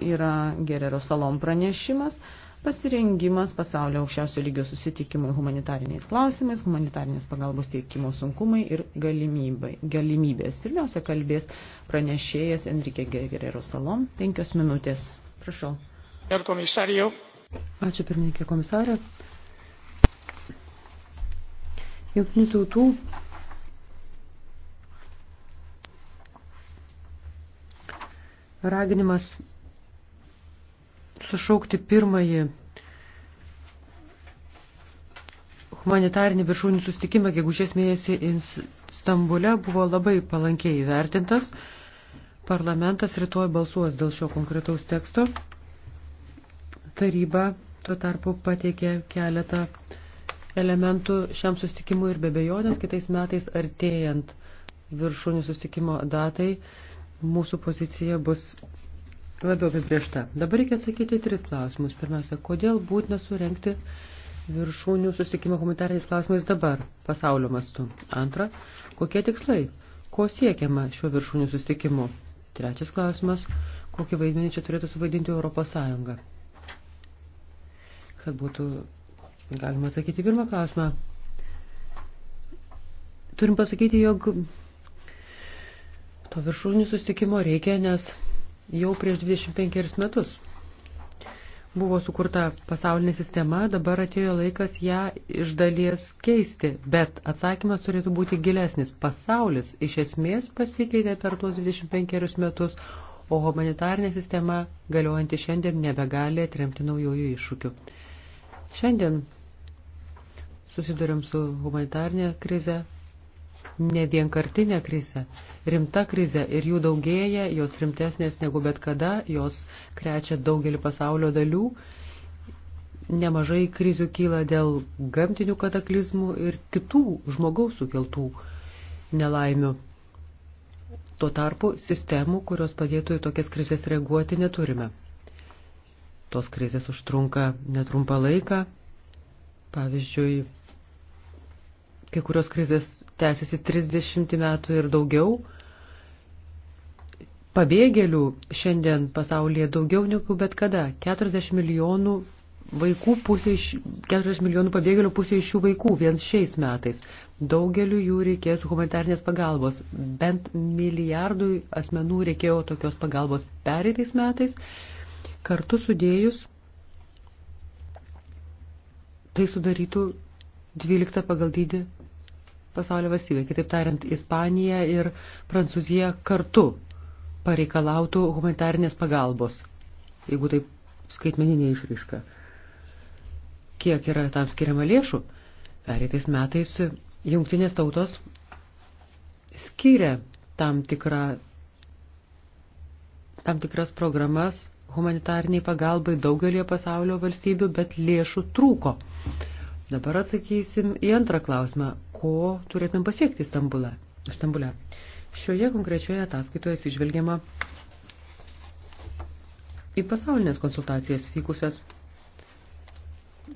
yra Gerero Salom pranešimas, pasirengimas pasaulio aukščiausio lygio susitikimui humanitariniais klausimais, humanitarinės pagalbos teikimo sunkumai ir galimybai, galimybės. Pirmiausia, kalbės pranešėjas Enrique Gerero Salom, penkios minutės. Prašau. Ačiū pirmininkė komisarė. Jungtinių tautų raginimas sušaukti pirmąjį humanitarinį viršūnį sustikimą, gegužės mėnesį Stambule buvo labai palankiai įvertintas. Parlamentas rytoj balsuos dėl šio konkretaus teksto. Taryba tuo tarpu pateikė keletą elementų šiam sustikimui ir be bejonės kitais metais artėjant viršūnių sustikimo datai mūsų pozicija bus labiau apibriešta. Dabar reikia atsakyti į tris klausimus. Pirmiausia, kodėl būtina surenkti viršūnių susitikimą humanitariniais klausimais dabar, pasaulio mastu? Antra, kokie tikslai? Ko siekiama šiuo viršūnių susitikimu? Trečias klausimas, kokį vaidmenį čia turėtų suvaidinti Europos Sąjunga? Kad būtų galima atsakyti pirmą klausimą. Turim pasakyti, jog to viršūnių susitikimo reikia, nes jau prieš 25 metus. Buvo sukurta pasaulinė sistema, dabar atėjo laikas ją iš dalies keisti, bet atsakymas turėtų būti gilesnis. Pasaulis iš esmės pasikeitė per tuos 25 metus, o humanitarinė sistema, galiojanti šiandien, nebegali atremti naujojų iššūkių. Šiandien susidurėm su humanitarinė krize, ne vienkartinė krize, rimta krize ir jų daugėja, jos rimtesnės negu bet kada, jos krečia daugelį pasaulio dalių. Nemažai krizių kyla dėl gamtinių kataklizmų ir kitų žmogaus sukeltų nelaimių. Tuo tarpu sistemų, kurios padėtų į tokias krizės reaguoti, neturime. Tos krizės užtrunka netrumpą laiką. Pavyzdžiui, kai kurios krizės tęsiasi 30 metų ir daugiau. Pabėgėlių šiandien pasaulyje daugiau negu bet kada. 40 milijonų vaikų pusė iš, 40 milijonų pabėgėlių pusė iš šių vaikų vien šiais metais. Daugeliu jų reikės humanitarnės pagalbos. Bent milijardui asmenų reikėjo tokios pagalbos pereitais metais. Kartu sudėjus tai sudarytų 12 pagal dydį pasaulio valstybė. Kitaip tariant, Ispanija ir Prancūzija kartu pareikalautų humanitarnės pagalbos, jeigu taip skaitmeninė išriška. Kiek yra tam skiriama lėšų? Pereitais metais jungtinės tautos skiria tam, tikrą, tam tikras programas humanitarniai pagalbai daugelie pasaulio valstybių, bet lėšų trūko. Dabar atsakysim į antrą klausimą ko turėtumėm pasiekti Stambulą. Stambulę. Šioje konkrečioje ataskaitoje atsižvelgiama į pasaulinės konsultacijas vykusias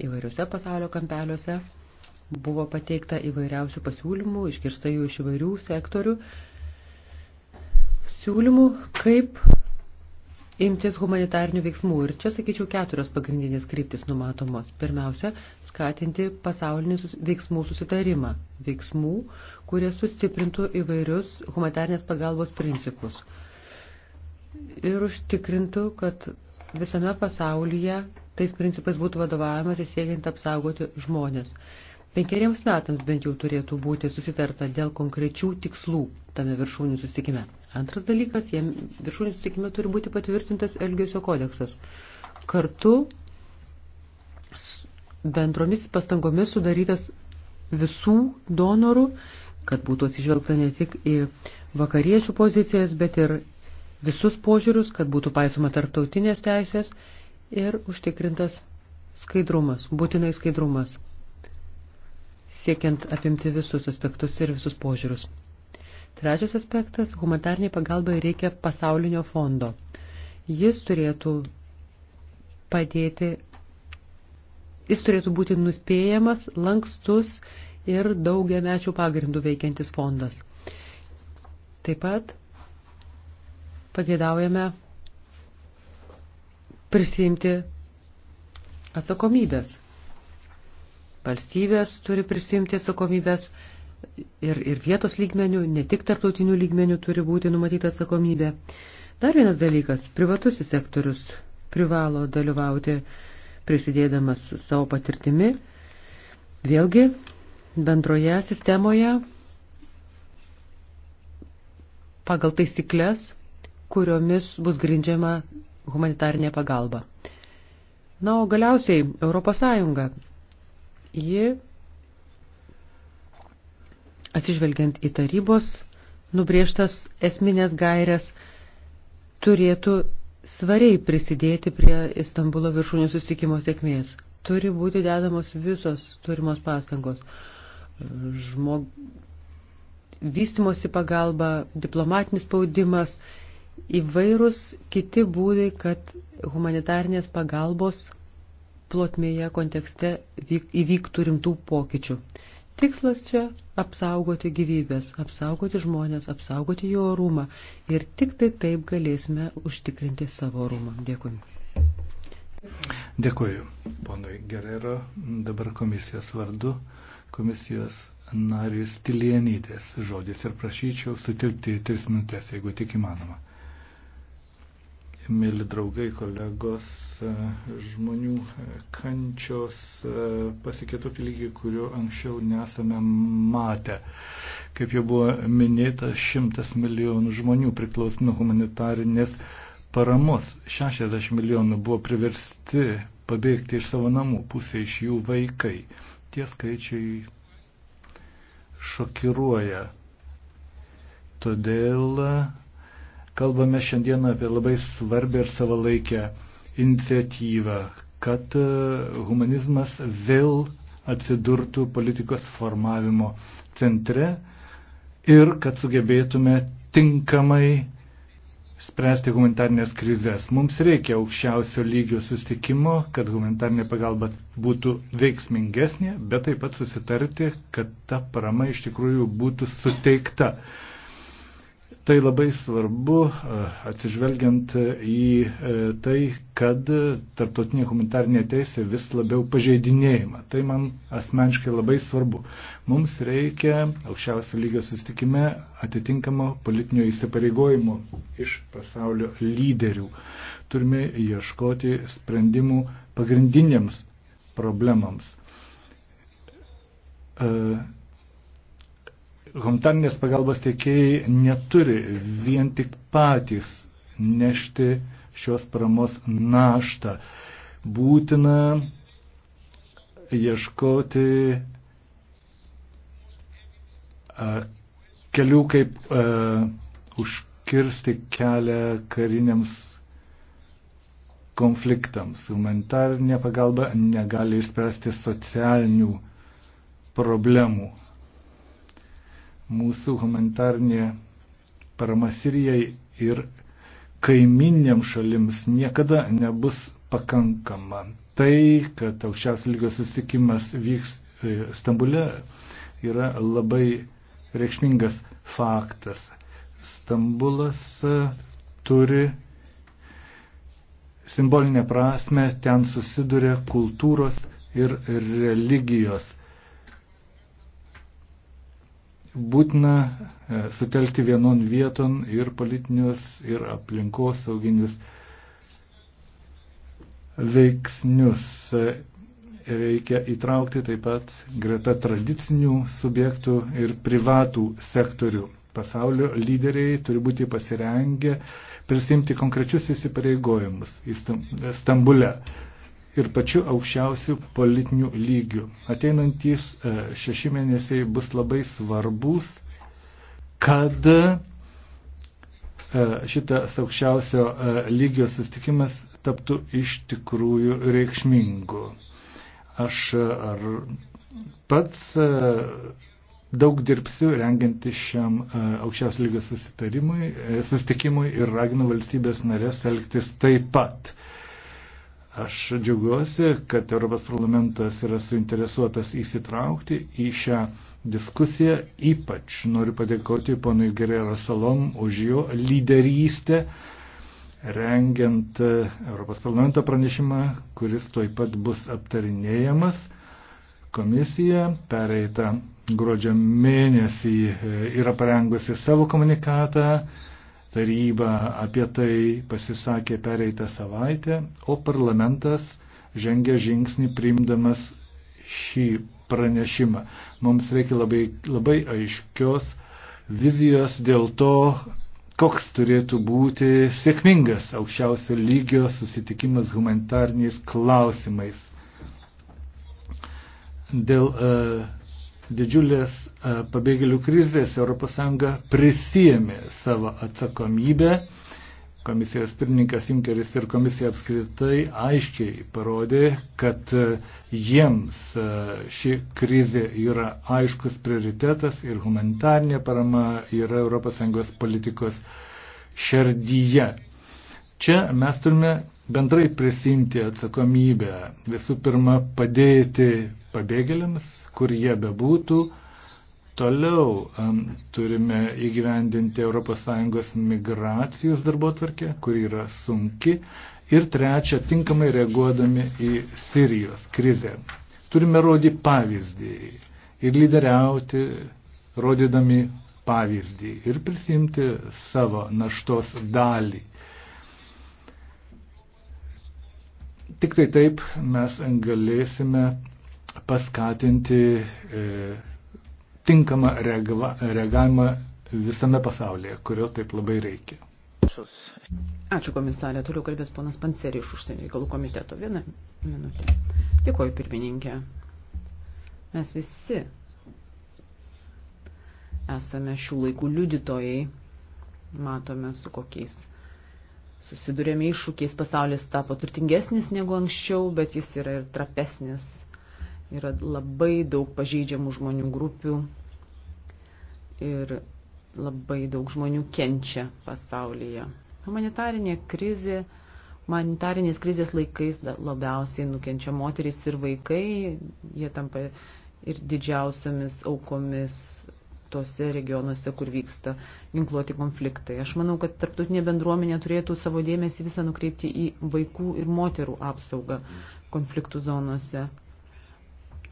įvairiuose pasaulio kampeliuose. Buvo pateikta įvairiausių pasiūlymų, iškirsta jų iš įvairių sektorių. Siūlymų, kaip imtis humanitarnių veiksmų. Ir čia, sakyčiau, keturios pagrindinės kryptis numatomos. Pirmiausia, skatinti pasaulinį sus... veiksmų susitarimą. Veiksmų, kurie sustiprintų įvairius humanitarnės pagalbos principus. Ir užtikrintų, kad visame pasaulyje tais principais būtų vadovavimas įsiekiant apsaugoti žmonės penkeriems metams bent jau turėtų būti susitarta dėl konkrečių tikslų tame viršūnių susitikime. Antras dalykas, jam viršūnių susitikime turi būti patvirtintas Elgesio kodeksas. Kartu bendromis pastangomis sudarytas visų donorų, kad būtų atsižvelgta ne tik į vakariečių pozicijas, bet ir visus požiūrius, kad būtų paisoma tarptautinės teisės ir užtikrintas skaidrumas, būtinai skaidrumas siekiant apimti visus aspektus ir visus požiūrius. Trečias aspektas – humanitarniai pagalbai reikia pasaulinio fondo. Jis turėtų padėti, jis turėtų būti nuspėjamas, lankstus ir daugiamečių pagrindų veikiantis fondas. Taip pat pagėdaujame prisimti atsakomybės valstybės turi prisimti atsakomybės ir, ir vietos lygmenių, ne tik tarptautinių lygmenių turi būti numatyta atsakomybė. Dar vienas dalykas - privatusis sektorius privalo dalyvauti prisidėdamas savo patirtimi. Vėlgi, bendroje sistemoje pagal taisyklės, kuriomis bus grindžiama humanitarinė pagalba. Na, o galiausiai Europos Sąjunga ji atsižvelgiant į tarybos nubrėžtas esminės gairias, turėtų svariai prisidėti prie Istanbulo viršūnių susitikimo sėkmės. Turi būti dedamos visos turimos pastangos. Žmog... Vystimosi pagalba, diplomatinis spaudimas, įvairūs kiti būdai, kad humanitarnės pagalbos plotmėje kontekste įvyktų rimtų pokyčių. Tikslas čia – apsaugoti gyvybės, apsaugoti žmonės, apsaugoti jo orumą ir tik tai taip galėsime užtikrinti savo orumą. Dėkui. Dėkuoju, ponui Gerero, dabar komisijos vardu, komisijos narius Tilienytės žodis ir prašyčiau sutilpti į tris minutės, jeigu tik įmanoma mėly draugai, kolegos, e, žmonių e, kančios e, pasikėto lygį, kurio anksčiau nesame matę. Kaip jau buvo minėta, šimtas milijonų žmonių priklauso nuo humanitarinės paramos. 60 milijonų buvo priversti pabėgti iš savo namų, pusė iš jų vaikai. Tie skaičiai šokiruoja. Todėl Kalbame šiandieną apie labai svarbę ir savalaikę iniciatyvą, kad e, humanizmas vėl atsidurtų politikos formavimo centre ir kad sugebėtume tinkamai spręsti humanitarnės krizės. Mums reikia aukščiausio lygio sustikimo, kad humanitarnė pagalba būtų veiksmingesnė, bet taip pat susitarti, kad ta parama iš tikrųjų būtų suteikta. Tai labai svarbu e, atsižvelgiant e, į e, tai, kad tarptautinė humanitarnė teisė vis labiau pažeidinėjama. Tai man asmeniškai labai svarbu. Mums reikia aukščiausio lygio sustikime atitinkamo politinio įsipareigojimo iš pasaulio lyderių. Turime ieškoti sprendimų pagrindinėms problemams humanitarnės pagalbos tiekėjai neturi vien tik patys nešti šios paramos naštą. Būtina ieškoti kelių, kaip užkirsti kelią kariniams konfliktams. Humanitarinė pagalba negali išspręsti socialinių problemų mūsų humanitarnė parama Sirijai ir kaiminėm šalims niekada nebus pakankama. Tai, kad aukščiausio lygio susitikimas vyks e, Stambule, yra labai reikšmingas faktas. Stambulas e, turi simbolinę prasme, ten susiduria kultūros ir religijos būtina e, sutelkti vienon vieton ir politinius, ir aplinkos sauginius veiksnius. E, Reikia įtraukti taip pat greta tradicinių subjektų ir privatų sektorių. Pasaulio lyderiai turi būti pasirengę prisimti konkrečius įsipareigojimus Stambule ir pačiu aukščiausiu politiniu lygiu. Ateinantys e, šeši mėnesiai bus labai svarbus, kad e, šitas aukščiausio e, lygio sustikimas taptų iš tikrųjų reikšmingu. Aš ar pats daug dirbsiu rengianti šiam aukščiausio lygio susitarimui, sustikimui ir raginu valstybės narės elgtis taip pat. Aš džiaugiuosi, kad Europos parlamentas yra suinteresuotas įsitraukti į šią diskusiją. Ypač noriu padėkoti ponui Gerero Salom už jo lyderystę, rengiant e, Europos parlamento pranešimą, kuris toj pat bus aptarinėjamas. Komisija pereitą gruodžio mėnesį e, yra parengusi savo komunikatą Taryba apie tai pasisakė pereitą savaitę, o parlamentas žengia žingsnį priimdamas šį pranešimą. Mums reikia labai, labai aiškios vizijos dėl to, koks turėtų būti sėkmingas aukščiausio lygio susitikimas humanitarniais klausimais. Dėl uh, didžiulės e, pabėgėlių krizės ES prisijėmė savo atsakomybę. Komisijos pirmininkas Junkeris ir komisija apskritai aiškiai parodė, kad e, jiems e, ši krizė yra aiškus prioritetas ir humanitarnė parama yra ES politikos šerdyje. Čia mes turime bendrai prisimti atsakomybę, visų pirma, padėti pabėgėliams, kur jie bebūtų. Toliau turime įgyvendinti ES migracijos darbotvarkę, kuri yra sunki. Ir trečia, tinkamai reaguodami į Sirijos krizę. Turime rodyti pavyzdį ir lyderiauti, rodydami pavyzdį ir prisimti savo naštos dalį. Tik tai taip mes galėsime paskatinti e, tinkamą reagva, reagavimą visame pasaulyje, kurio taip labai reikia. Ačiū komisarė. Toliau kalbės ponas Panseri iš užsienio reikalų komiteto. Vieną minutę. Dėkuoju pirmininkė. Mes visi esame šių laikų liudytojai. Matome, su kokiais susidurėme iššūkiais. Pasaulis tapo turtingesnis negu anksčiau, bet jis yra ir trapesnis Yra labai daug pažeidžiamų žmonių grupių ir labai daug žmonių kenčia pasaulyje. Humanitarinė krizė, humanitarinės krizės laikais labiausiai nukenčia moteris ir vaikai, jie tampa ir didžiausiamis aukomis tose regionuose, kur vyksta ginkluoti konfliktai. Aš manau, kad tarptautinė bendruomenė turėtų savo dėmesį visą nukreipti į vaikų ir moterų apsaugą konfliktų zonose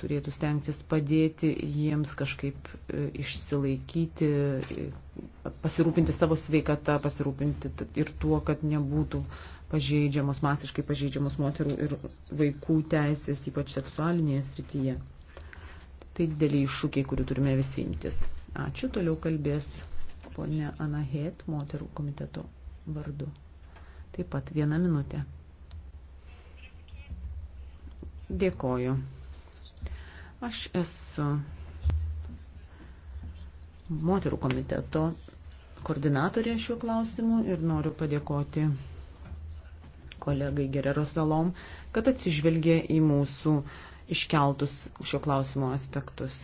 turėtų stengtis padėti jiems kažkaip e, išsilaikyti, e, pasirūpinti savo sveikatą, pasirūpinti ir tuo, kad nebūtų pažeidžiamos, masiškai pažeidžiamos moterų ir vaikų teisės, ypač seksualinėje srityje. Tai dideliai iššūkiai, kurių turime visi imtis. Ačiū, toliau kalbės ponia Anahet, moterų komiteto vardu. Taip pat vieną minutę. Dėkoju. Aš esu moterų komiteto koordinatorė šiuo klausimu ir noriu padėkoti kolegai Gerero Salom, kad atsižvelgė į mūsų iškeltus šio klausimo aspektus.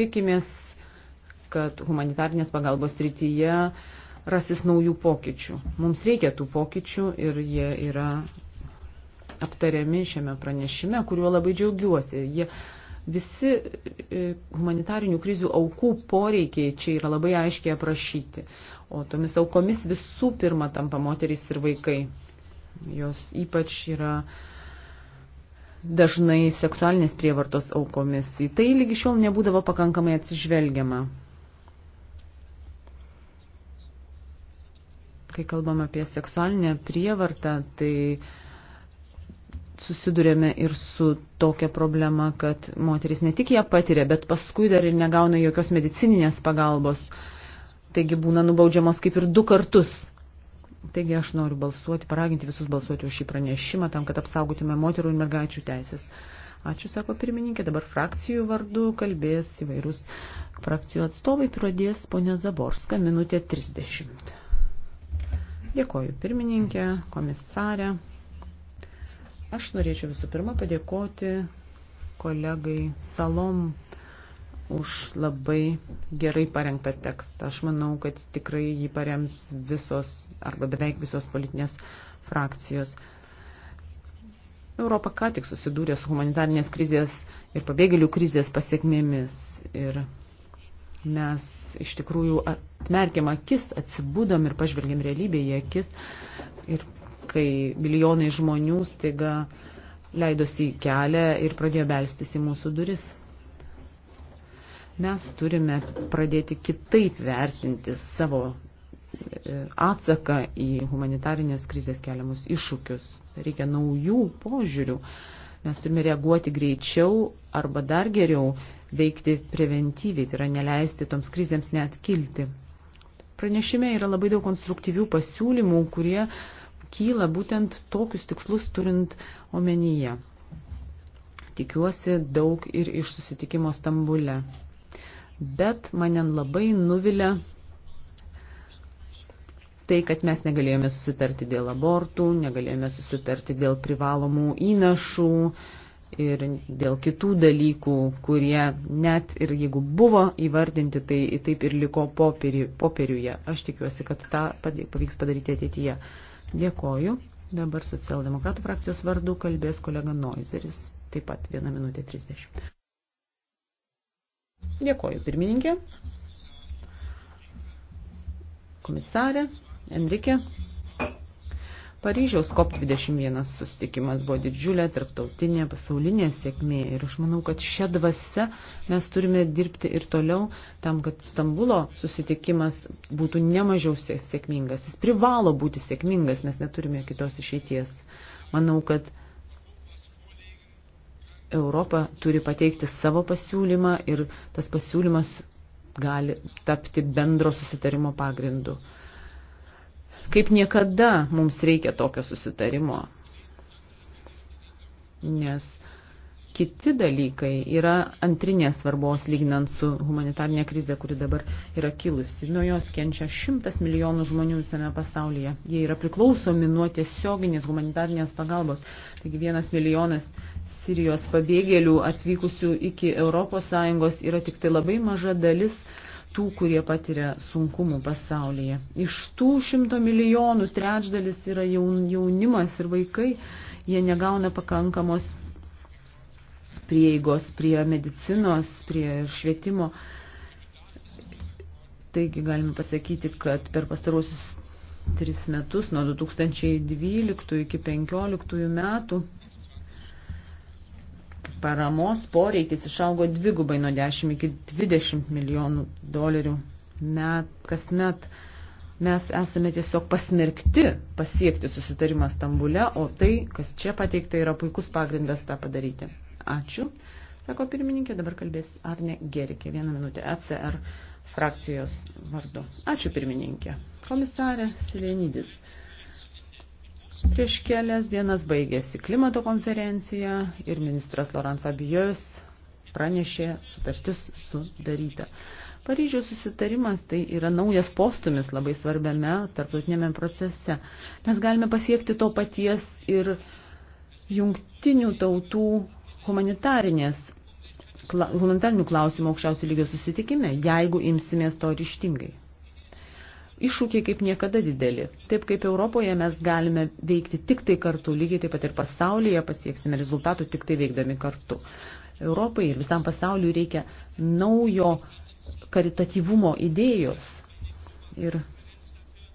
Tikimės, kad humanitarnės pagalbos rytyje rasis naujų pokyčių. Mums reikia tų pokyčių ir jie yra aptariami šiame pranešime, kuriuo labai džiaugiuosi. Jie Visi e, humanitarinių krizių aukų poreikiai čia yra labai aiškiai aprašyti, o tomis aukomis visų pirma tampa moterys ir vaikai. Jos ypač yra dažnai seksualinės prievartos aukomis. Į tai lygi šiol nebūdavo pakankamai atsižvelgiama. Kai kalbam apie seksualinę prievartą, tai uh, susidurėme ir su tokia problema, kad moteris ne tik ją patiria, bet paskui dar ir negauna jokios medicininės pagalbos. Taigi būna nubaudžiamos kaip ir du kartus. Taigi aš noriu balsuoti, paraginti visus balsuoti už šį pranešimą, tam, kad apsaugotume moterų ir mergaičių teisės. Ačiū, sako pirmininkė, dabar frakcijų vardu kalbės įvairūs frakcijų atstovai, pradės ponė Zaborska, minutė 30. Dėkoju pirmininkė, komisarė. Aš norėčiau visų pirma padėkoti kolegai Salom už labai gerai parengtą tekstą. Aš manau, kad tikrai jį parems visos arba beveik visos politinės frakcijos. Europa ką tik susidūrė su humanitarnės krizės ir pabėgėlių krizės pasiekmėmis. Ir mes iš tikrųjų atmerkėm akis, atsibūdom ir pažvelgėm realybėje akis ir kai milijonai žmonių staiga leidosi į kelią ir pradėjo belstis į mūsų duris. Mes turime pradėti kitaip vertinti savo e, atsaką į humanitarinės krizės keliamus iššūkius. Reikia naujų požiūrių. Mes turime reaguoti greičiau arba dar geriau veikti preventyviai, tai yra neleisti toms krizėms net kilti. Pranešime yra labai daug konstruktyvių pasiūlymų, kurie uh, kyla būtent tokius tikslus turint omenyje. Tikiuosi daug ir iš susitikimo Stambule. Bet mane labai nuvilia tai, kad mes negalėjome susitarti dėl abortų, negalėjome susitarti dėl privalomų įnašų, ir dėl kitų dalykų, kurie net ir jeigu buvo įvardinti, tai taip ir liko popieriuje. Aš tikiuosi, kad tą pavyks padaryti ateityje. Dėkoju. Dabar socialdemokratų frakcijos vardu kalbės kolega Noizeris. Taip pat 1 minutė 30. Dėkoju, pirmininkė. Komisarė, Enrikė, Paryžiaus COP21 sustikimas buvo didžiulė tarptautinė pasaulinė sėkmė ir aš manau, kad šią dvasę mes turime dirbti ir toliau tam, kad Stambulo susitikimas būtų nemažiau sėkmingas. Jis privalo būti sėkmingas, mes neturime kitos išeities. Manau, kad Europa turi pateikti savo pasiūlymą ir tas pasiūlymas gali tapti bendro susitarimo pagrindu. Kaip niekada mums reikia tokio susitarimo. Nes kiti dalykai yra antrinės svarbos lyginant su humanitarnė krize, kuri dabar yra kilusi. Nuo jos kenčia šimtas milijonų žmonių visame pasaulyje. Jie yra priklausomi nuo tiesioginės humanitarnės pagalbos. Taigi vienas milijonas Sirijos pabėgėlių atvykusių iki ES yra tik tai labai maža dalis tų, kurie patiria sunkumų pasaulyje. Iš tų šimto milijonų trečdalis yra jaunimas ir vaikai, jie negauna pakankamos prieigos prie medicinos, prie švietimo. Taigi galime pasakyti, kad per pastarosius tris metus, nuo 2012 iki 2015 metų, paramos poreikis išaugo dvigubai nuo 10 iki 20 milijonų dolerių met, kasmet. Mes esame tiesiog pasmerkti pasiekti susitarimą Stambule, o tai, kas čia pateikta, yra puikus pagrindas tą padaryti. Ačiū, sako pirmininkė, dabar kalbės Arne Gerikė. Vieną minutę ECR frakcijos vardu. Ačiū pirmininkė. Komisarė Silenydis. Prieš kelias dienas baigėsi klimato konferencija ir ministras Laurent Fabijos pranešė sutartis sudaryta. Paryžiaus susitarimas tai yra naujas postumis labai svarbiame tarptautinėme procese. Mes galime pasiekti to paties ir jungtinių tautų humanitarinės humanitarinių klausimų aukščiausių lygio susitikime, jeigu imsimės to ryštingai iššūkiai kaip niekada dideli. Taip kaip Europoje mes galime veikti tik tai kartu, lygiai taip pat ir pasaulyje pasieksime rezultatų tik tai veikdami kartu. Europai ir visam pasauliu reikia naujo karitatyvumo idėjos. Ir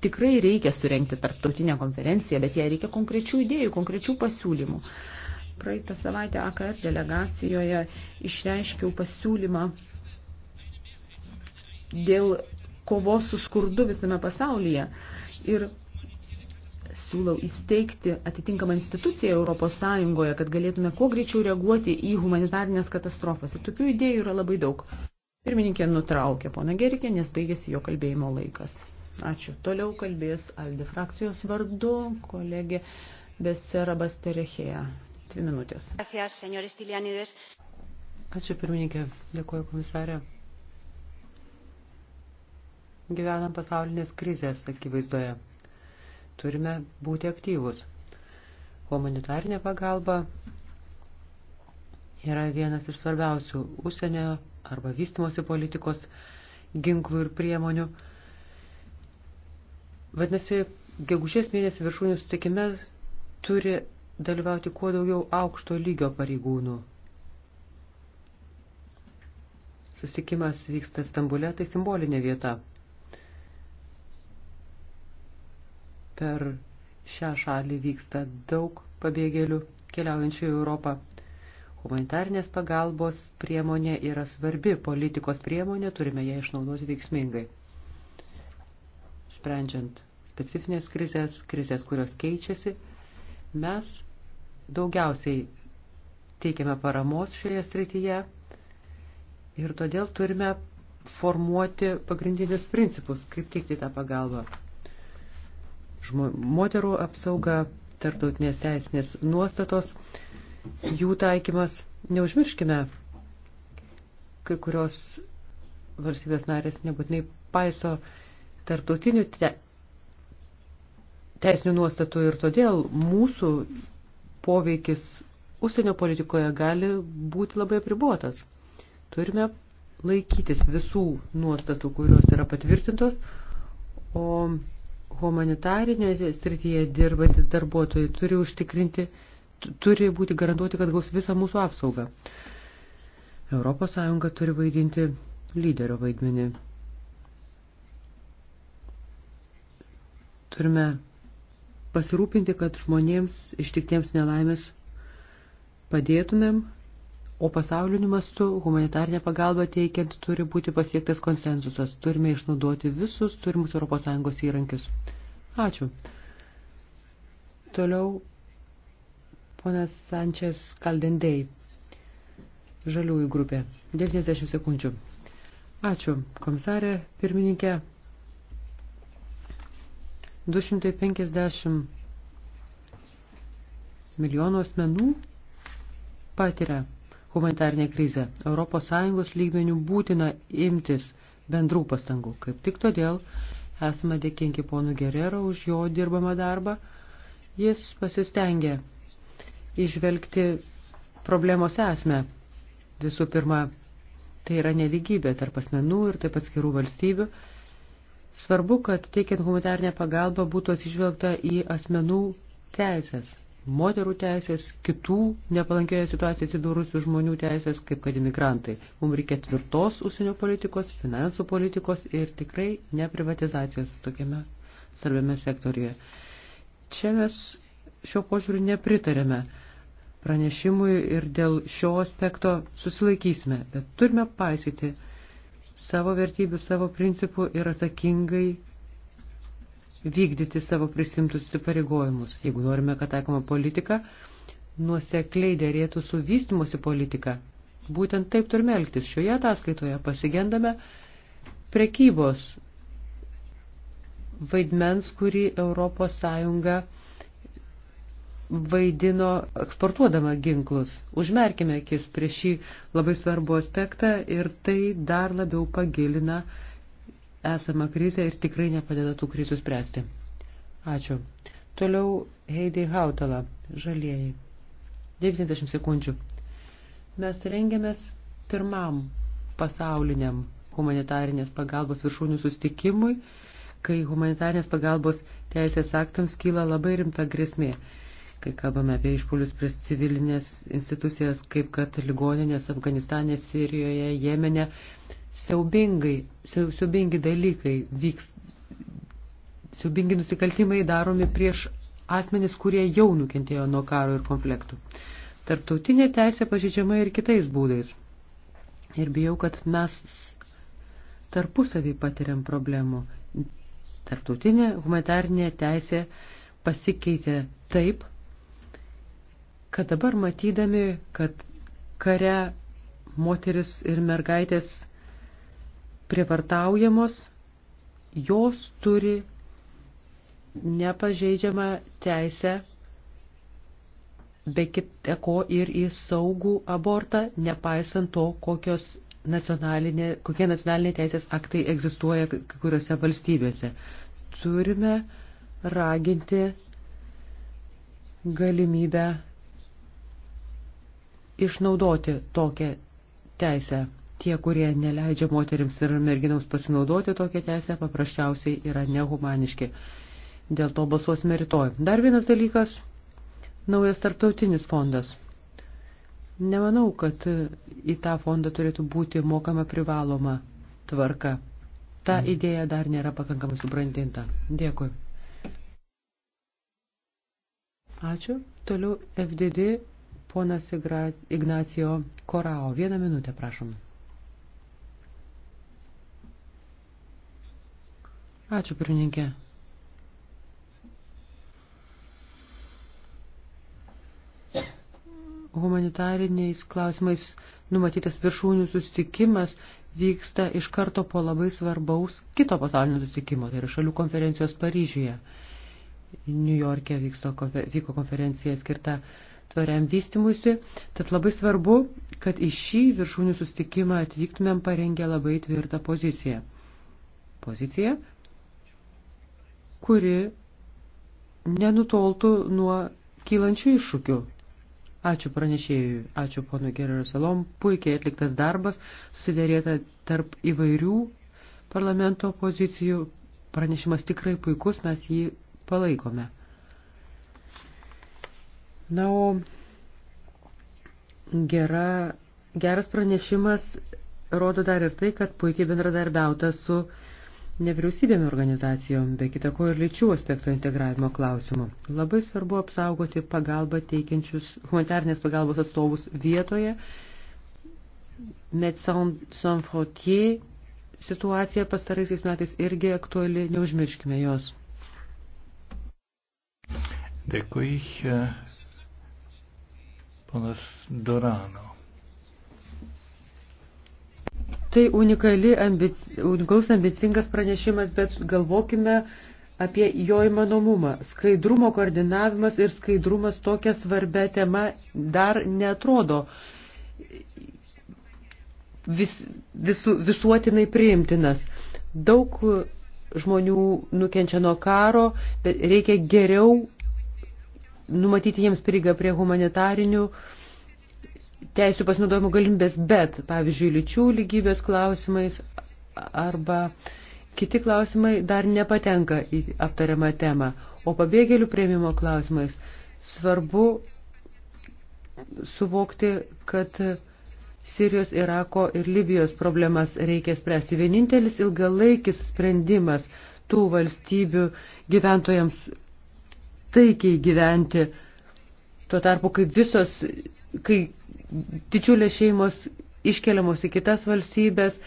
tikrai reikia surenkti tarptautinę konferenciją, bet jai reikia konkrečių idėjų, konkrečių pasiūlymų. Praeitą savaitę AKR delegacijoje išreiškiau pasiūlymą dėl kovos su skurdu visame pasaulyje. Ir siūlau įsteigti atitinkamą instituciją Europos Sąjungoje, kad galėtume kuo greičiau reaguoti į humanitarnės katastrofas. Ir tokių idėjų yra labai daug. Pirmininkė nutraukė poną Gerikė, nes baigėsi jo kalbėjimo laikas. Ačiū. Toliau kalbės Aldi frakcijos vardu kolegė Besera Basterechėja. Dvi minutės. Ačiū pirmininkė. Dėkuoju komisarė gyvenam pasaulinės krizės akivaizdoje. Turime būti aktyvus. Humanitarinė pagalba yra vienas iš svarbiausių užsienio arba vystimosi politikos ginklų ir priemonių. Vadinasi, gegužės mėnesį viršūnių sutikime turi dalyvauti kuo daugiau aukšto lygio pareigūnų. Susitikimas vyksta Stambule, tai simbolinė vieta. Per šią šalį vyksta daug pabėgėlių keliaujančių į Europą. Humanitarnės pagalbos priemonė yra svarbi politikos priemonė, turime ją išnaudoti veiksmingai. Sprendžiant specifinės krizės, krizės, kurios keičiasi, mes daugiausiai teikiame paramos šioje srityje ir todėl turime formuoti pagrindinius principus, kaip teikti tą pagalbą žmo, moterų apsauga, tarptautinės teisinės nuostatos, jų taikymas. Neužmirškime, kai kurios valstybės narės nebūtinai paiso tarptautinių te, teisinių nuostatų ir todėl mūsų poveikis užsienio politikoje gali būti labai apribuotas. Turime laikytis visų nuostatų, kurios yra patvirtintos, o humanitarinėje srityje dirbantis darbuotojai turi užtikrinti, turi būti garantuoti, kad gaus visą mūsų apsaugą. Europos Sąjunga turi vaidinti lyderio vaidmenį. Turime pasirūpinti, kad žmonėms ištiktiems nelaimės padėtumėm O pasauliniu mastu humanitarinė pagalba teikiant turi būti pasiektas konsensusas. Turime išnaudoti visus turimus ES įrankius. Ačiū. Toliau ponas Sančias Kaldendei, žaliųjų grupė. 90 sekundžių. Ačiū, komisarė, pirmininkė. 250 milijonų asmenų patiria humanitarnė krizė. ES lygmenių būtina imtis bendrų pastangų. Kaip tik todėl esame dėkingi ponu Gerero už jo dirbamą darbą. Jis pasistengė išvelgti problemos esmę. Visų pirma, tai yra neligybė tarp asmenų ir taip atskirų valstybių. Svarbu, kad teikiant humanitarnę pagalbą būtų atsižvelgta į asmenų teisės moterų teisės, kitų nepalankioje situacijoje atsidūrusių žmonių teisės, kaip kad imigrantai. Mums reikia tvirtos užsienio politikos, finansų politikos ir tikrai neprivatizacijos tokiame svarbiame sektorijoje. Čia mes šio požiūriu nepritarėme pranešimui ir dėl šio aspekto susilaikysime, bet turime paisyti savo vertybių, savo principų ir atsakingai vykdyti savo prisimtus įsipareigojimus. Jeigu norime, kad taikoma politika nuosekliai dėrėtų su vystimosi politika, būtent taip turime elgtis. Šioje ataskaitoje pasigendame prekybos vaidmens, kurį Europos Sąjunga vaidino eksportuodama ginklus. Užmerkime akis prieš šį labai svarbų aspektą ir tai dar labiau pagilina esamą krizę ir tikrai nepadeda tų krizių spręsti. Ačiū. Toliau Heidi Hautala, žalieji. 90 sekundžių. Mes rengiamės pirmam pasauliniam humanitarinės pagalbos viršūnių sustikimui, kai humanitarinės pagalbos teisės aktams kyla labai rimta grėsmė. Kai kalbame apie išpolius prieš civilinės institucijas, kaip kad ligoninės Afganistane, Sirijoje, Jemene, siaubingai, siaubingi dalykai vyks, siaubingi nusikaltimai daromi prieš asmenis, kurie jau nukentėjo nuo karo ir konfliktų. Tarptautinė teisė pažydžiama ir kitais būdais. Ir bijau, kad mes tarpusavį patiriam problemų. Tarptautinė humanitarinė teisė pasikeitė taip, kad dabar matydami, kad kare moteris ir mergaitės prievartaujamos, jos turi nepažeidžiamą teisę be kiteko ir į saugų abortą, nepaisant to, kokios nacionalinė, kokie nacionaliniai teisės aktai egzistuoja kai kuriuose valstybėse. Turime raginti galimybę išnaudoti tokią teisę. Tie, kurie neleidžia moteriams ir merginoms pasinaudoti tokią teisę, paprasčiausiai yra nehumaniški. Dėl to balsuosime rytoj. Dar vienas dalykas – naujas tarptautinis fondas. Nemanau, kad į tą fondą turėtų būti mokama privaloma tvarka. Ta mhm. idėja dar nėra pakankamai suprantinta. Dėkui. Ačiū. Toliau FDD ponas Ignacijo Korao. Vieną minutę, prašom. Ačiū, pirmininkė. Humanitariniais klausimais numatytas viršūnių susitikimas vyksta iš karto po labai svarbaus kito pasaulinio susitikimo, tai yra šalių konferencijos Paryžiuje. New York'e vyko konferencija skirta tvariam vystimuisi, tad labai svarbu, kad į šį viršūnių susitikimą atvyktumėm parengę labai tvirtą poziciją. Pozicija, kuri nenutoltų nuo kylančių iššūkių. Ačiū pranešėjui, ačiū ponui Gerero Salom, puikiai atliktas darbas, susidėrėta tarp įvairių parlamento pozicijų, pranešimas tikrai puikus, mes jį palaikome. Na, o gera, geras pranešimas rodo dar ir tai, kad puikiai bendradarbiauta su nevyriausybėmi organizacijom, be kitako ir lyčių aspekto integravimo klausimų. Labai svarbu apsaugoti pagalbą teikiančius humanitarnės pagalbos atstovus vietoje. Médecins Sans Frontier situacija pastaraisiais metais irgi aktuali, neužmirškime jos. Dėkui, ponas Dorano. Tai unikali, ambic, unikalus ambicingas pranešimas, bet galvokime apie jo įmanomumą. Skaidrumo koordinavimas ir skaidrumas tokia svarbia tema dar netrodo vis, visu, visuotinai priimtinas. Daug žmonių nukenčia nuo karo, bet reikia geriau numatyti jiems prieigą prie humanitarinių uh, teisų pasinaudojimo galimybės, bet, pavyzdžiui, lyčių lygybės klausimais arba kiti klausimai dar nepatenka į aptariamą temą. O pabėgėlių prieimimo klausimais svarbu suvokti, kad Sirijos, Irako ir Libijos problemas reikia spręsti. Vienintelis ilgalaikis sprendimas tų valstybių gyventojams taikiai gyventi. Tuo tarpu, kai visos, kai didžiulės šeimos iškeliamos į kitas valstybės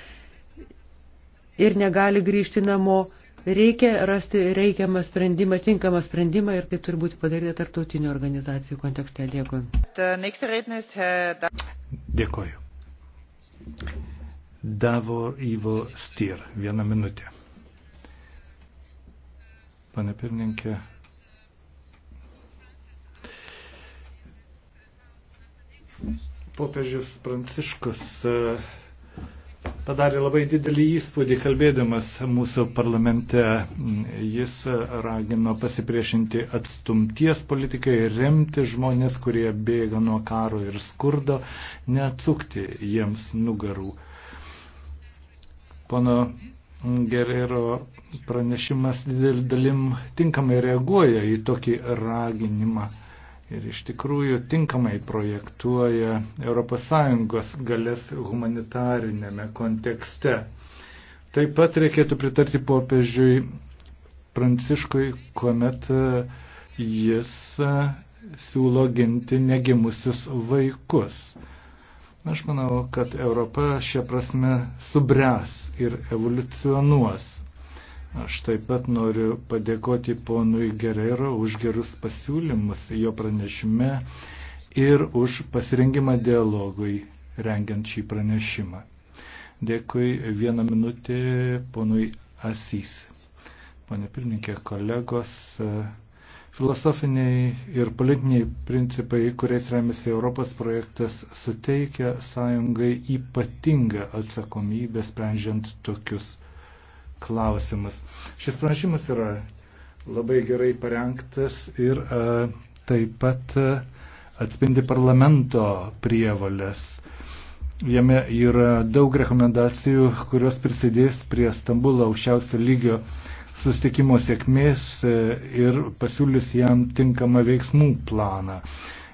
ir negali grįžti namo. Reikia rasti reikiamą sprendimą, tinkamą sprendimą ir tai turi būti padaryta tarptautinių organizacijų kontekste. Dėkui. Dėkoju. Davo Ivo Stier. Vieną minutę. Pane pirmininkė, popiežius Pranciškus e, padarė labai didelį įspūdį kalbėdamas mūsų parlamente. Jis ragino pasipriešinti atstumties politikai, remti žmonės, kurie bėga nuo karo ir skurdo, neatsukti jiems nugarų. Pono Gerero pranešimas didel dalim tinkamai reaguoja į tokį raginimą ir iš tikrųjų tinkamai projektuoja ES galės humanitarinėme kontekste. Taip pat reikėtų pritarti popiežiui Pranciškui, kuomet e, jis e, siūlo ginti negimusius vaikus. Aš manau, kad Europa šia prasme subręs ir evoliucionuos. Aš taip pat noriu padėkoti ponui Gerero už gerus pasiūlymus jo pranešime ir už pasirengimą dialogui rengiant šį pranešimą. Dėkui vieną minutę ponui Asys. Pane pirmininkė, kolegos, filosofiniai ir politiniai principai, kuriais remiasi Europos projektas, suteikia sąjungai ypatingą atsakomybę sprendžiant tokius klausimus. Šis pranešimas yra labai gerai parengtas ir a, e, taip pat a, e, atspindi parlamento prievalės. Jame yra daug rekomendacijų, kurios prisidės prie Stambulo aukščiausio lygio sustikimo sėkmės e, ir pasiūlys jam tinkamą veiksmų planą.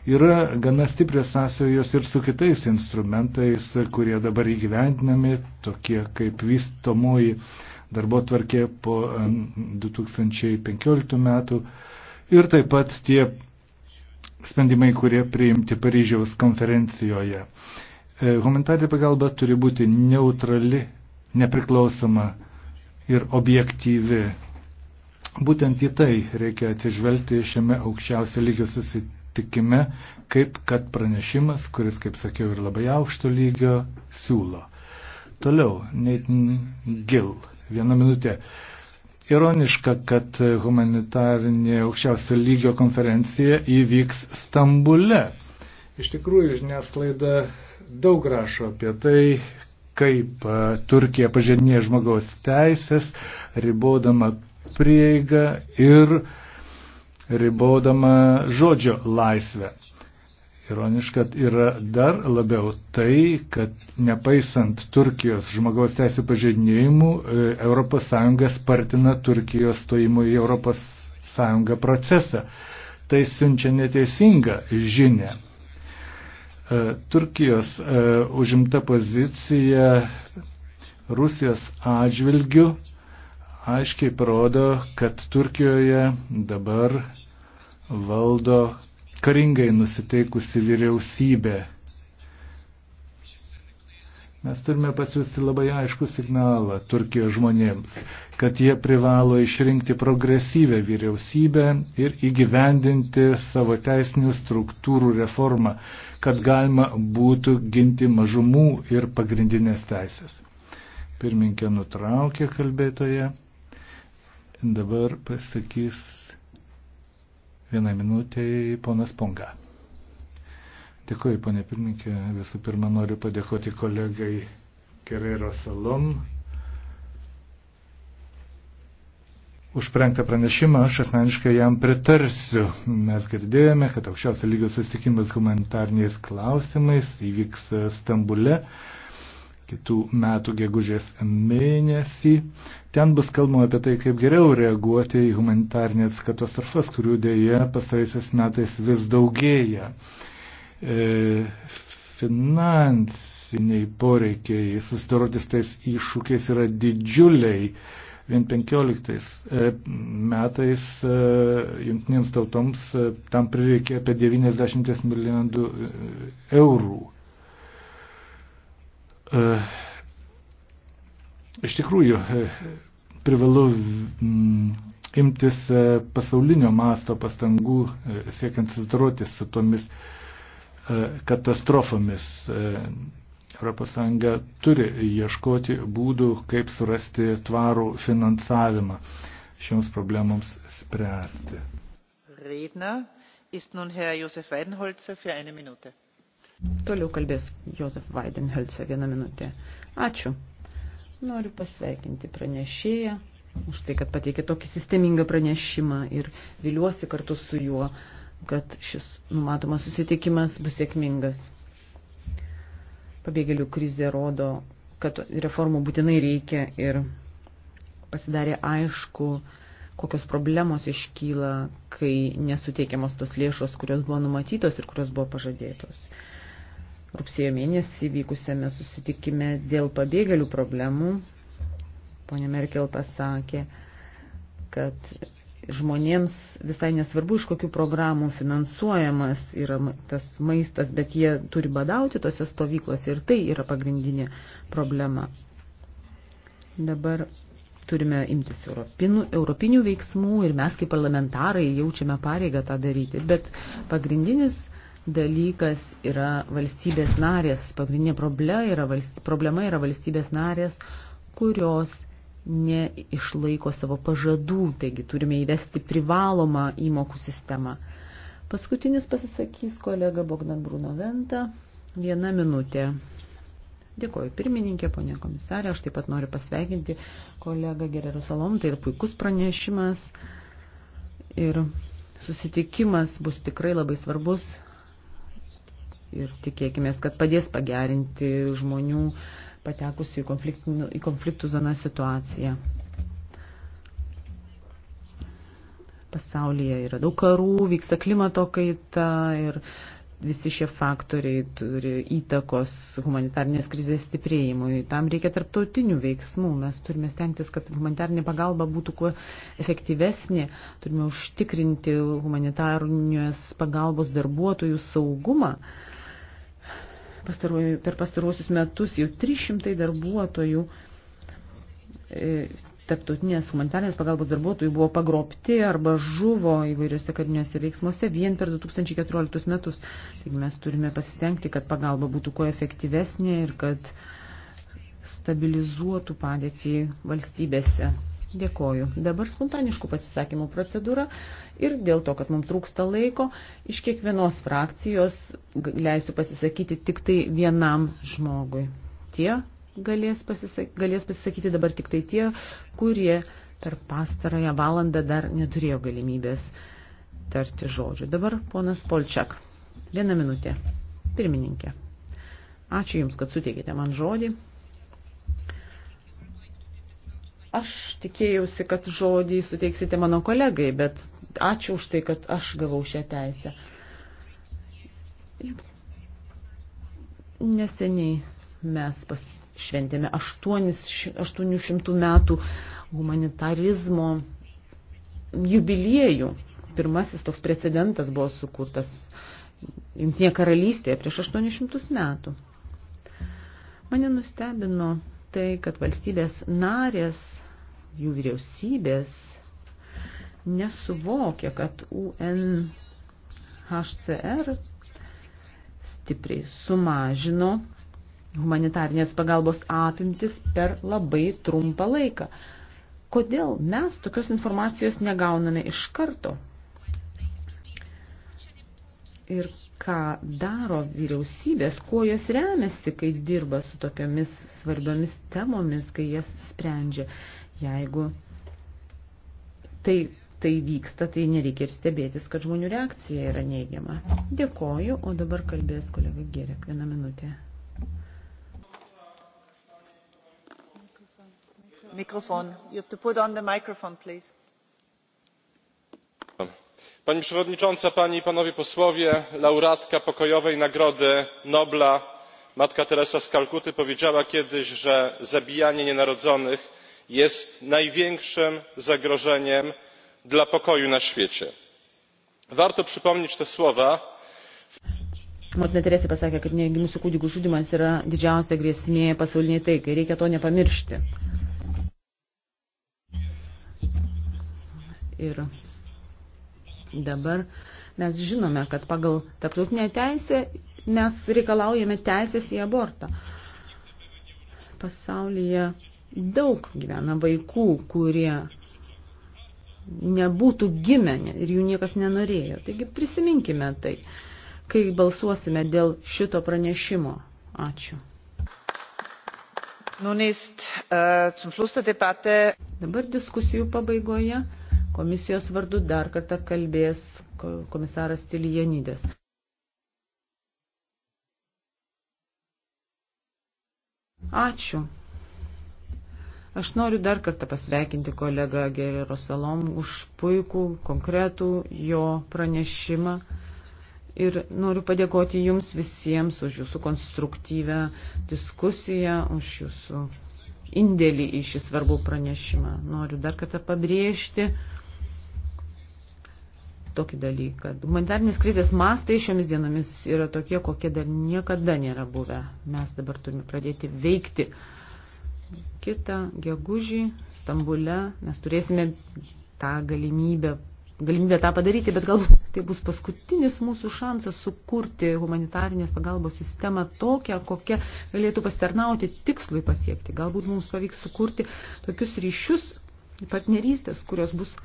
Yra gana stiprios sąsajos ir su kitais instrumentais, kurie dabar įgyvendinami, tokie kaip vystomoji darbo tvarkė po 2015 metų ir taip pat tie sprendimai, kurie priimti Paryžiaus konferencijoje. E, humanitarinė pagalba turi būti neutrali, nepriklausoma ir objektyvi. Būtent į tai reikia atsižvelgti šiame aukščiausio lygio susitikime, kaip kad pranešimas, kuris, kaip sakiau, ir labai aukšto lygio siūlo. Toliau, Nathan Gill. Viena minutė. Ironiška, kad humanitarinė aukščiausio lygio konferencija įvyks Stambule. Iš tikrųjų, žiniasklaida daug rašo apie tai, kaip e, Turkija pažinėja žmogaus teisės, ribodama prieigą ir ribodama žodžio laisvę ironiška yra dar labiau tai, kad nepaisant Turkijos žmogaus teisų pažeidinėjimų, ES spartina Turkijos stojimo į ES procesą. Tai siunčia neteisingą žinę. E, Turkijos e, užimta pozicija Rusijos atžvilgių aiškiai parodo, kad Turkijoje dabar valdo karingai nusiteikusi vyriausybė. Mes turime pasiūsti labai aišku signalą Turkijos žmonėms, kad jie privalo išrinkti progresyvę vyriausybę ir įgyvendinti savo teisinių struktūrų reformą, kad galima būtų ginti mažumų ir pagrindinės teisės. Pirminkė nutraukė kalbėtoje. Dabar pasakys Vienai minutiai ponas Ponga. Dėkuoju, ponė pirmininkė. Visų pirma, noriu padėkoti kolegai Kerero Salom už prengtą pranešimą aš asmeniškai jam pritarsiu. Mes girdėjome, kad aukščiausio lygio susitikimas humanitarniais klausimais įvyks Stambule kitų metų gegužės mėnesį. Ten bus kalbama apie tai, kaip geriau reaguoti į humanitarnės katastrofas, kurių dėje pastaraisiais metais vis daugėja. E, finansiniai poreikiai susidorotis tais iššūkiais yra didžiuliai. Vien 15 e, metais e, jungtinėms tautoms e, tam prireikė apie 90 milijardų eurų. E, iš tikrųjų, e, privalu mm, imtis e, pasaulinio masto pastangų siekiant susidoroti su tomis katastrofomis. ES turi ieškoti būdų, kaip surasti tvarų finansavimą šioms problemams spręsti. Redner ist nun Herr Josef Weidenholzer für eine Minute. Toliau kalbės Josef Weidenhölce vieną minutę. Ačiū. Noriu pasveikinti pranešėją už tai, kad pateikė tokį sistemingą pranešimą ir viliuosi kartu su juo, kad šis numatomas susitikimas bus sėkmingas. Pabėgėlių krizė rodo, kad reformų būtinai reikia ir pasidarė aišku, kokios problemos iškyla, kai nesuteikiamos tos lėšos, kurios buvo numatytos ir kurios buvo pažadėtos rugsėjo mėnesį vykusiame susitikime dėl pabėgėlių problemų. Pone Merkel pasakė, kad žmonėms visai nesvarbu, iš kokių programų finansuojamas yra tas maistas, bet jie turi badauti tose stovyklose ir tai yra pagrindinė problema. Dabar turime imtis europinų, europinių veiksmų ir mes kaip parlamentarai jaučiame pareigą tą daryti, bet pagrindinis dalykas yra valstybės narės, pagrindinė problema yra, valst, problema yra valstybės narės, kurios neišlaiko savo pažadų, taigi turime įvesti privalomą įmokų sistemą. Paskutinis pasisakys kolega Bogdan Brunoventa. Viena minutė. Dėkoju pirmininkė, ponė komisarė, aš taip pat noriu pasveikinti kolegą Gerero Salom, tai ir puikus pranešimas. Ir susitikimas bus tikrai labai svarbus ir tikėkime, kad padės pagerinti žmonių patekusių į, į konfliktų zoną situaciją. Pasaulyje yra daug karų, vyksta klimato kaita ir visi šie faktoriai turi įtakos humanitarnės krizės stiprėjimui. Tam reikia tarptautinių veiksmų. Mes turime stengtis, kad humanitarnė pagalba būtų kuo efektyvesnė. Turime užtikrinti humanitarnės pagalbos darbuotojų saugumą. Uh, Pastaruoju, per pastaruosius metus jau 300 darbuotojų, e, tarptautinės humanitarnės pagalbos darbuotojų buvo pagrobti arba žuvo įvairiuose kariniuose veiksmuose vien per 2014 metus. Taigi mes turime pasistengti, kad pagalba būtų kuo efektyvesnė ir kad stabilizuotų padėtį valstybėse. Dėkoju. Dabar spontaniškų pasisakymų procedūra ir dėl to, kad mums trūksta laiko, iš kiekvienos frakcijos leisiu pasisakyti tik tai vienam žmogui. Tie galės, pasisak galės pasisakyti dabar tik tai tie, kurie per pastarąją valandą dar neturėjo galimybės tarti žodžių. Dabar ponas Polčiak. Viena minutė. Pirmininkė. Ačiū Jums, kad suteikėte man žodį. Aš tikėjausi, kad žodį suteiksite mano kolegai, bet ačiū už tai, kad aš gavau šią teisę. Neseniai mes šventėme 800 metų humanitarizmo jubiliejų. Pirmasis toks precedentas buvo sukurtas Junktinėje karalystėje prieš 800 metų. Mane nustebino tai, kad valstybės narės jų vyriausybės nesuvokia, kad UNHCR stipriai sumažino humanitarnės pagalbos apimtis per labai trumpą laiką. Kodėl mes tokios informacijos negauname iš karto? Ir ką daro vyriausybės, kuo jos remiasi, kai dirba su tokiomis svarbiomis temomis, kai jas sprendžia. Jeigu tai, tai vyksta, tai nereikia ir stebėtis, kad žmonių reakcija yra neigiama. Dėkoju, o dabar kalbės kolega Gerek vieną minutę. pani przewodnicząca! panie i panowie posłowie! laureatka pokojowej nagrody nobla matka teresa z kalkuty powiedziała kiedyś że zabijanie nienarodzonych jest największym zagrożeniem dla pokoju na świecie. warto przypomnieć te słowa Motina Teresė pasakė, kad negimusių kūdikių žudimas yra didžiausia grėsmė pasauliniai taikai. Reikia to nepamiršti. Ir dabar mes žinome, kad pagal tarptautinę teisę mes reikalaujame teisės į abortą. Pasaulyje Daug gyvena vaikų, kurie nebūtų gimę ir jų niekas nenorėjo. Taigi prisiminkime tai, kai balsuosime dėl šito pranešimo. Ačiū. Nun ist, uh, zum Schluss der Debatte. Dabar diskusijų pabaigoje komisijos vardu dar kartą kalbės komisaras Tilijanydės. Ačiū. Aš noriu dar kartą pasveikinti kolegą Gerero Salom už puikų, konkretų jo pranešimą. Ir noriu padėkoti Jums visiems už Jūsų konstruktyvę diskusiją, už Jūsų indėlį į šį svarbų pranešimą. Noriu dar kartą pabrėžti tokį dalyką. Humanitarnės krizės mastai šiomis dienomis yra tokie, kokie dar niekada nėra buvę. Mes dabar turime pradėti veikti Kita gegužį Stambule mes turėsime tą galimybę, galimybę tą padaryti, bet galbūt tai bus paskutinis mūsų šansas sukurti humanitarinės pagalbos sistemą tokią, kokią galėtų pasitarnauti tikslui pasiekti. Galbūt mums pavyks sukurti tokius ryšius, partnerystės, kurios bus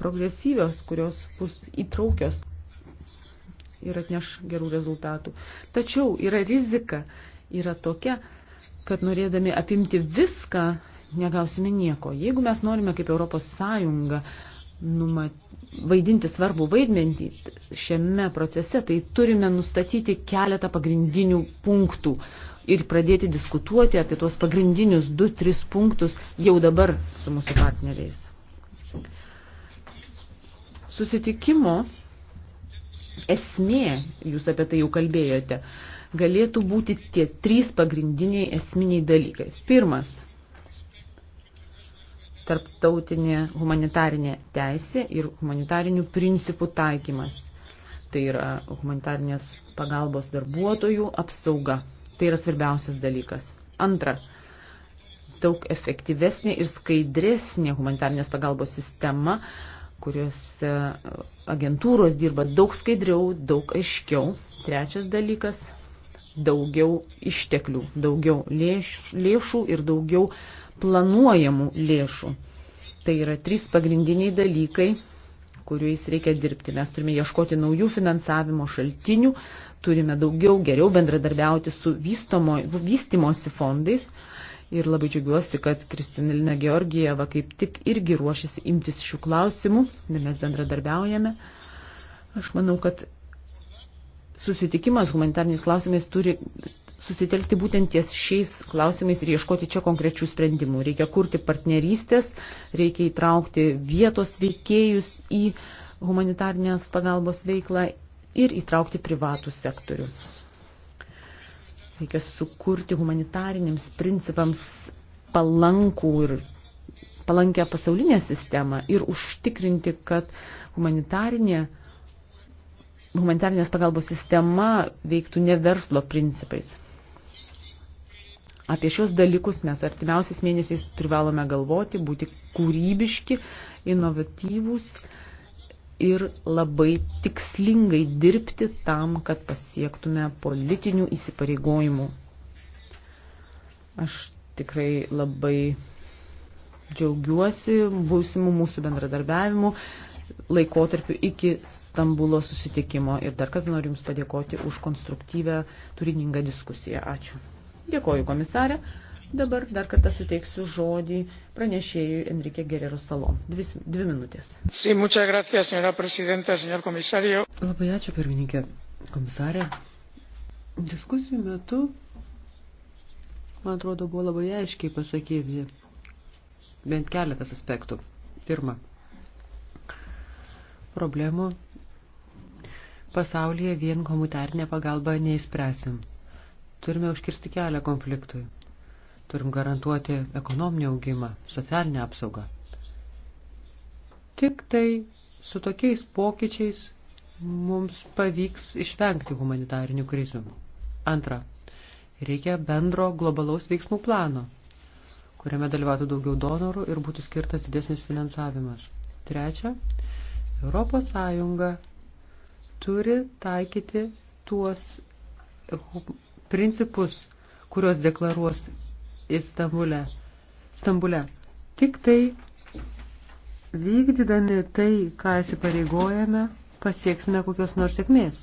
progresyvios, kurios bus įtraukios ir atneš gerų rezultatų. Tačiau yra rizika, yra tokia, kad norėdami apimti viską, negausime nieko. Jeigu mes norime kaip Europos Sąjunga numat, vaidinti svarbų vaidmenį šiame procese, tai turime nustatyti keletą pagrindinių punktų ir pradėti diskutuoti apie tuos pagrindinius 2-3 punktus jau dabar su mūsų partneriais. Susitikimo esmė, jūs apie tai jau kalbėjote, uh, galėtų būti tie trys pagrindiniai esminiai dalykai. Pirmas - tarptautinė humanitarinė teisė ir humanitarinių principų taikymas. Tai yra humanitarinės pagalbos darbuotojų apsauga. Tai yra svarbiausias dalykas. Antra - daug efektyvesnė ir skaidresnė humanitarinės pagalbos sistema, kuriuose agentūros dirba daug skaidriau, daug aiškiau. Trečias dalykas daugiau išteklių, daugiau lėš, lėšų ir daugiau planuojamų lėšų. Tai yra trys pagrindiniai dalykai, kuriais reikia dirbti. Mes turime ieškoti naujų finansavimo šaltinių, turime daugiau, geriau bendradarbiauti su vystomo, vystimosi fondais. Ir labai džiugiuosi, kad Kristinilina Georgijeva kaip tik irgi ruošiasi imtis šių klausimų, nes mes bendradarbiaujame. Aš manau, kad susitikimas humanitarniais klausimais turi susitelkti būtent ties šiais klausimais ir ieškoti čia konkrečių sprendimų. Reikia kurti partnerystės, reikia įtraukti vietos veikėjus į humanitarnės pagalbos veiklą ir įtraukti privatų sektorių. Reikia sukurti humanitariniams principams palankų ir palankę pasaulinę sistemą ir užtikrinti, kad humanitarinė humanitarnės pagalbos sistema veiktų ne verslo principais. Apie šios dalykus mes artimiausiais mėnesiais privalome galvoti, būti kūrybiški, inovatyvūs ir labai tikslingai dirbti tam, kad pasiektume politinių įsipareigojimų. Aš tikrai labai džiaugiuosi būsimų mūsų bendradarbiavimu laikotarpiu iki Stambulo susitikimo. Ir dar kartą noriu Jums padėkoti už konstruktyvę, turiningą diskusiją. Ačiū. Dėkoju, komisarė. Dabar dar kartą suteiksiu žodį pranešėjui Enrique Gerero Salom. Dvi, dvi minutės. Sí, gracias, señora señor komisario. Labai ačiū, pirmininkė komisarė. Diskusijų metu, man atrodo, buvo labai aiškiai pasakyti bent keletas aspektų. Pirma, problemų pasaulyje vien komunitarnė pagalba neįspręsim. Turime užkirsti kelią konfliktui. Turim garantuoti ekonominį augimą, socialinę apsaugą. Tik tai su tokiais pokyčiais mums pavyks išvengti humanitarinių krizių. Antra, reikia bendro globalaus veiksmų plano, kuriame dalyvautų daugiau donorų ir būtų skirtas didesnis finansavimas. Trečia, Europos Sąjunga turi taikyti tuos principus, kuriuos deklaruos Istambule. Stambule. Tik tai vykdydami tai, ką įsipareigojame, pasieksime kokios nors sėkmės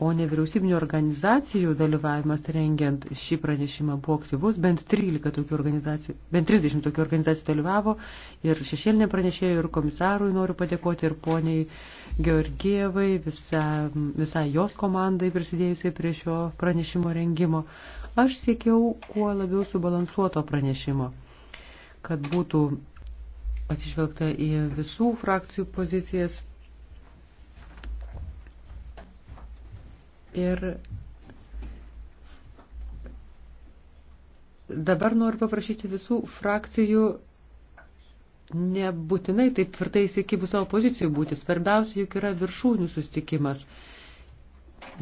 o nevyriausybinio organizacijų dalyvavimas rengiant šį pranešimą buvo aktyvus, bent 13 tokių organizacijų, bent 30 tokių organizacijų dalyvavo ir šešėlinė pranešėjo ir komisarui noriu padėkoti ir poniai Georgievai, visa, visa jos komandai prisidėjusiai prie šio pranešimo rengimo. Aš siekiau kuo labiau subalansuoto pranešimo, kad būtų atsižvelgta į visų frakcijų pozicijas Ir dabar noriu paprašyti visų frakcijų nebūtinai taip tvirtai įsikibų savo pozicijų būti. Svarbiausia juk yra viršūnių sustikimas.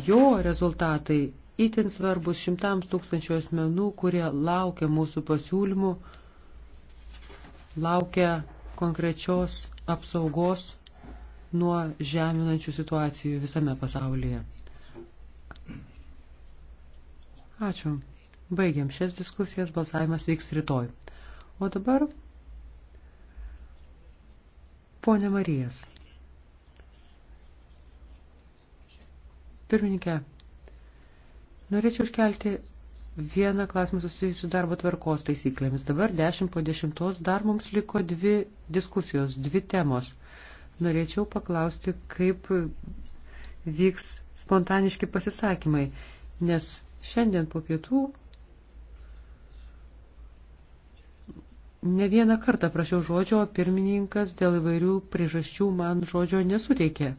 Jo rezultatai itin svarbus šimtams tūkstančių asmenų, kurie laukia mūsų pasiūlymų, laukia konkrečios apsaugos nuo žeminančių situacijų visame pasaulyje. Ačiū. Baigiam šias diskusijas, balsavimas vyks rytoj. O dabar, ponė Marijas. Pirmininkė, norėčiau iškelti vieną klausimą susijusiu darbo tvarkos taisyklėmis. Dabar 10 po 10 dar mums liko dvi diskusijos, dvi temos. Norėčiau paklausti, kaip vyks spontaniški pasisakymai, nes Šiandien po pietų ne vieną kartą prašiau žodžio, o pirmininkas dėl įvairių priežasčių man žodžio nesuteikė.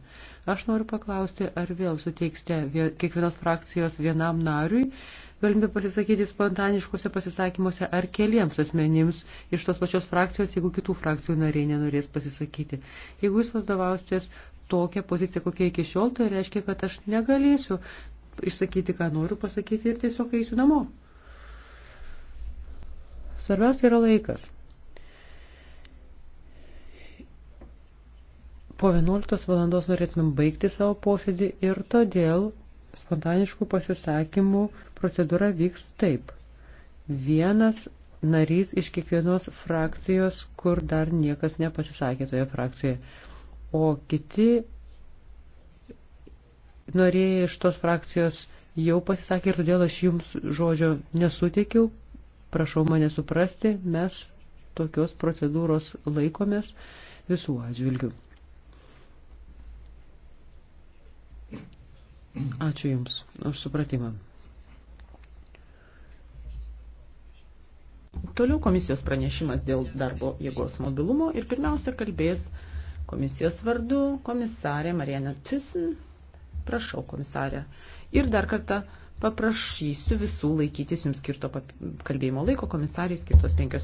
Aš noriu paklausti, ar vėl suteiksite kiekvienos frakcijos vienam nariui galimybę pasisakyti spontaniškose pasisakymuose ar keliems asmenims iš tos pačios frakcijos, jeigu kitų frakcijų nariai nenorės pasisakyti. Jeigu jūs vadovausitės tokią poziciją, kokia iki šiol, tai reiškia, kad aš negalėsiu išsakyti, ką noriu pasakyti ir tiesiog eisiu namo. Svarbiausia yra laikas. Po 11 valandos norėtumėm baigti savo posėdį ir todėl spontaniškų pasisakymų procedūra vyks taip. Vienas narys iš kiekvienos frakcijos, kur dar niekas nepasisakė toje frakcijoje, o kiti norėjai iš tos frakcijos jau pasisakė ir todėl aš jums žodžio nesutikiau. Prašau mane suprasti, mes tokios procedūros laikomės visų atžvilgių. Ačiū Jums už supratimą. Toliau komisijos pranešimas dėl darbo jėgos mobilumo ir pirmiausia kalbės komisijos vardu komisarė Mariana Thyssen. Prašau, komisarė. Ir dar kartą paprašysiu visų laikytis jums skirto kalbėjimo laiko, komisariai skirtos penkios.